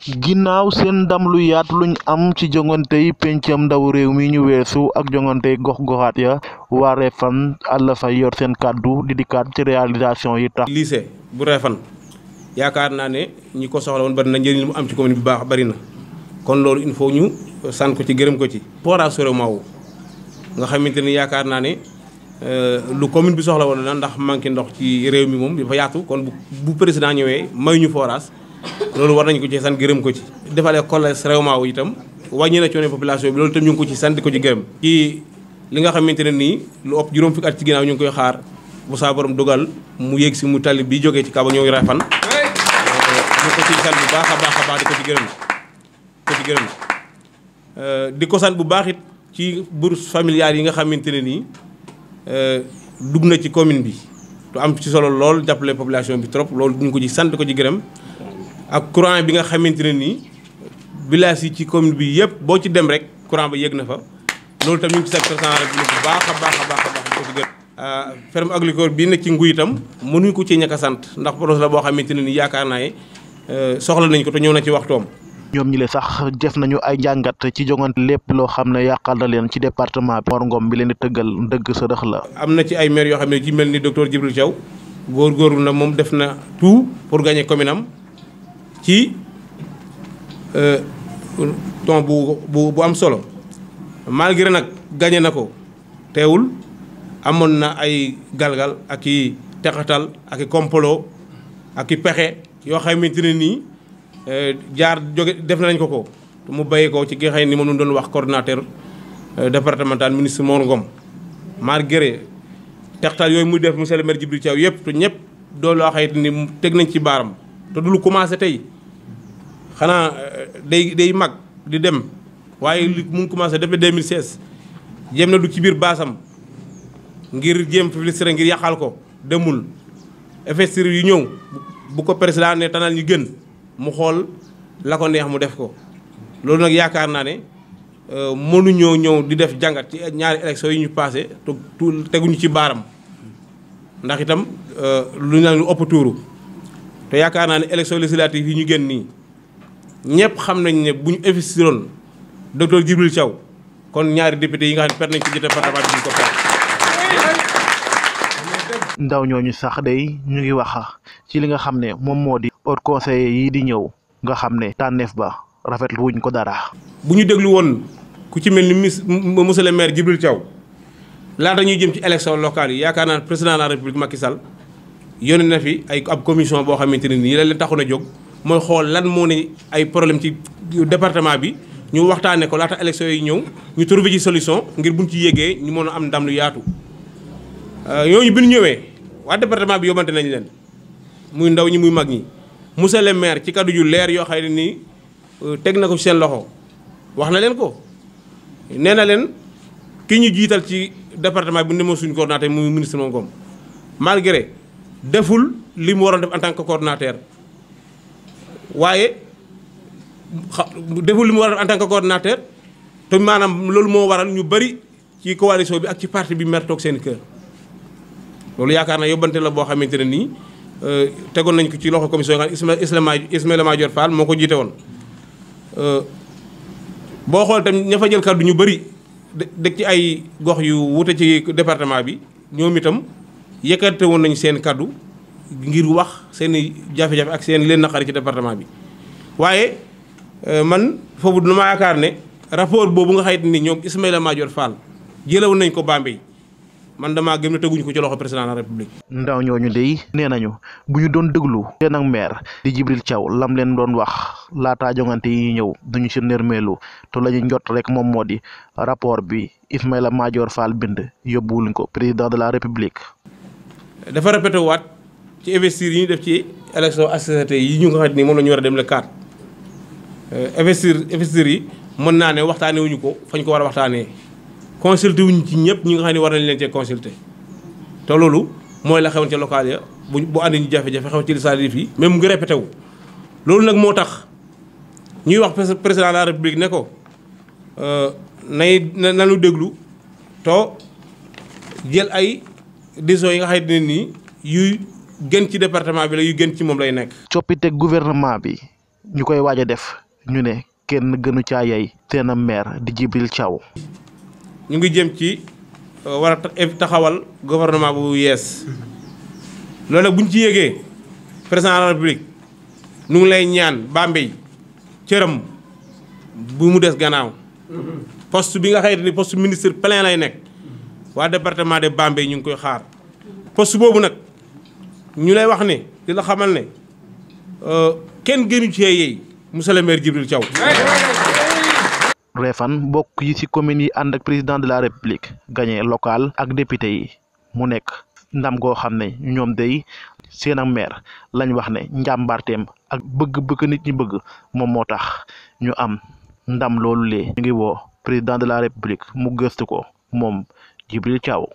ginnaaw seen ndam lu yaat luñ am ci jongantey pencam ndaw réew mi ñu weesu ak jongantey gox-goxaat ya waa Refane Alla fa yor seen kàddu di dikkaat ci réalisation yi tax lycée bu Refane yaakaar naa ne ñi ko soxla woon bari na njëriñ li mu am ci commune bi baax bari na kon loolu il faut ñu san ko ci gërëm ko ci forage Soromao nga xamante ni yaakaar naa ne euh, lu commune bi soxla woon la ndax manqué ndox ci réew mi moom dafa yaatu kon bu président ñëwee mayuñu ñu loolu war nañ ko ci sant gërëm ko ci defalee collège réewmaaw itam wàññi na coono population bi loolu itam ñu ko ci sant ko ci gërëm ci xamante ne nii lu ëpp juróom ci ginnaaw ñu ngi koy xaar bu saa borom dogal mu yéeg si mu tali bi jógee ci Kaaba ñoo ngi rafan ñu ko ci sant di ko ci gërëm ko ci euh, di ko san bu baax it ci bourse familiale yi nga xamante ne nii euh, dugg na ci commune bi tu am ci solo lool jàppale population bi trop loolu ñu ko ci sant ko ci gërëm ak courant bi nga xamante ne nii village yi ci commune bi yëpp boo ci dem rek courant ba yëg na fa loolu tam ñu ngi ci secteur bi bu baax a baax a baax a baax euh, ferme agricole bii nekk ci nguy itam mënuñu ko ci ñàkk a sant ndax projet la boo xamante ne nii yaakaar naa ne euh, soxla nañ ko te ñëw na ci waxtoom ñoom ñi le sax def nañu ay njàngat ci jongante lépp loo xam ne yàqal na leen ci département bi Mor Ngom bi leen di tëggal dëgg sa dëx la am na ci ay maire yoo xam ne ci mel ni docteur Djibril Thiaw góorgóorlu na moom def na pour gagner commune ci euh, ton bu bu am solo malgré nag gañe na ko teewul amoon na ay galgal ak i texatal ak i complot ak i pexe yoo xamante ne nii euh, jaar jóge def nañ ko ko mu bàyyi ko ci gi xëy ni moom doon wax coordinateur euh, départemental ministre Mor Ngom malgré texatal yooyu muy def monsieur le maire Djibril Thiaw yëpp te ñëpp doolu loo xamante ni teg nañ ci baaram te du lu commencé tey xanaa euh, day day mag di dem waaye li mu ngi commencé depuis 2016 jéem na du ci biir baasam ngir jéem filistre ngir yàqal ko demul investir yu ñëw bu ko président ne tanal ñu gën mu xool la ko neex mu def ko loolu nag yaakaar naa ne euh, mënuñoo ñëw di def jàngat ci ñaari élection yu ñu passé te teguñu ci baaram ndax itam euh, lu ñu naan lu ëpp tuuru te yaakaar naa ne élection législative yi ñu génn nii ñëpp xam nañ ne bu ñu investiroon docteur Djibril Thiaw kon ñaari député yi nga xam ne ci département bi ñu ko perte. ndaw ñooñu sax day ñu ngi wax ci li nga xam ne moom moo di haut conseiller yii di ñëw nga xam ne tànneef ba rafetlu wuñ ko dara. bu ñu déglu woon ku ci mel ni miss monsieur le maire Djibril Thiaw laata ñuy jëm ci élection locale yi yaakaar naa président de la république Macky Sall. yónnee na fi ay ab commission boo xamante ne nii la leen taxoon a jóg mooy xool lan moo ne ay problème ci département bi ñu waxtaanee ko laata élection yi ñëw ñu trouvé ci solution ngir buñ ci yéegee ñu mën a am ndam lu yaatu. Euh, yooyu bi ñu ñëwee waa département bi yóbbante nañ leen muy ndaw ñi muy mag ñi monsieur le maire ci kaddu yu leer yoo xay ne nii euh, teg na ko ci seen loxo wax na leen ko nee na leen ki ñu jiital ci departement bi ne moo suñu coordonnateur muy ministre Ngom malgré. deful li mu waroon def en tant que coordonnateur waaye deful li mu waroon def en tant que coordonnateur te maanaam loolu moo waral ñu bari ci coalition bi ak ci parti bi mer toog seen kër loolu yaakaar naa yóbbante la boo xamante ne nii euh, tegoon nañ ko ci loxo commission yi xam Ismaïla Madior Fall moo ko jiite woon euh, boo xool tam ña fa jël kàddu ñu bari dëkk ci ay gox yu wute ci département bi ñoom itam yëkkate woon nañu seen kaddu ngir wax seen i jafe-jafe ak seen leen naqari ci département bi waaye euh, man foofu dama yaakaar ne rapport boobu nga xayit ni ñoom Ismaïla Madior Fall jëlawoon nañ ko Bambey man damaa gëm ne teguñu ko ci loxo président de la république. ndaw ñooñu de nee nañu bu ñu doon déglu seen ak maire di Jibril Thiaw lam leen doon wax laataa jongante yi ñëw duñu ci nermeelu te la ñu njot rek moom moo di rapport bi Ismaïla Madior Fall bind yóbbuwul ko président de la république. dafa répété ci investir yi ñu def ci élection HCCT yi ñu nga xam ni moom la war a dem le 4. Euh, investir investir yi mën naa ne waxtaanee wuñu ko fañ ko war a waxtaanee consulté wuñu ci ñëpp ñu nga xam ne war nañu leen cee consulté te loolu mooy la xew ca local ya bu bu ànd ñu jafe-jafe xew ci législative yi même mu ngi répété loolu nag moo tax ñuy wax président de la république ne ko euh, nay na nu déglu to jël ay. décisions yi nga xam ne nii yuy gën ci département bi la yu gën ci moom lay nekk. coppite gouvernement bi ñu koy waaj a def ñu ne kenn gënu caa yey seen maire di Djibril Thiaw. ñu ngi jëm ci euh, war a taxawal gouvernement bu yees lool nag bu ñu ci yëgee président de la république nu ngi lay ñaan Bambey cëram bu mu des gannaaw. Mm-hmm. poste bi nga xayte ni poste ministre plein lay nekk. waa département de Bambey ñu ngi koy xaar post boobu nag ñu lay wax ne dina xamal ne euh, kenn gënu cee yeey monsieur le maire Djibril Thiaw Refane mbokk yi ci commune yi ànd ak président de la république gagne locale ak député yi mu nekk ndam goo xam ne ñoom day seen ak maire lañ wax ne njàmbaarteem ak bëgg-bëgg nit ñi bëgg moom moo tax ñu am ndam loolu le ñu ngi woo président de la république mu gëstu ko moom jibril thiaw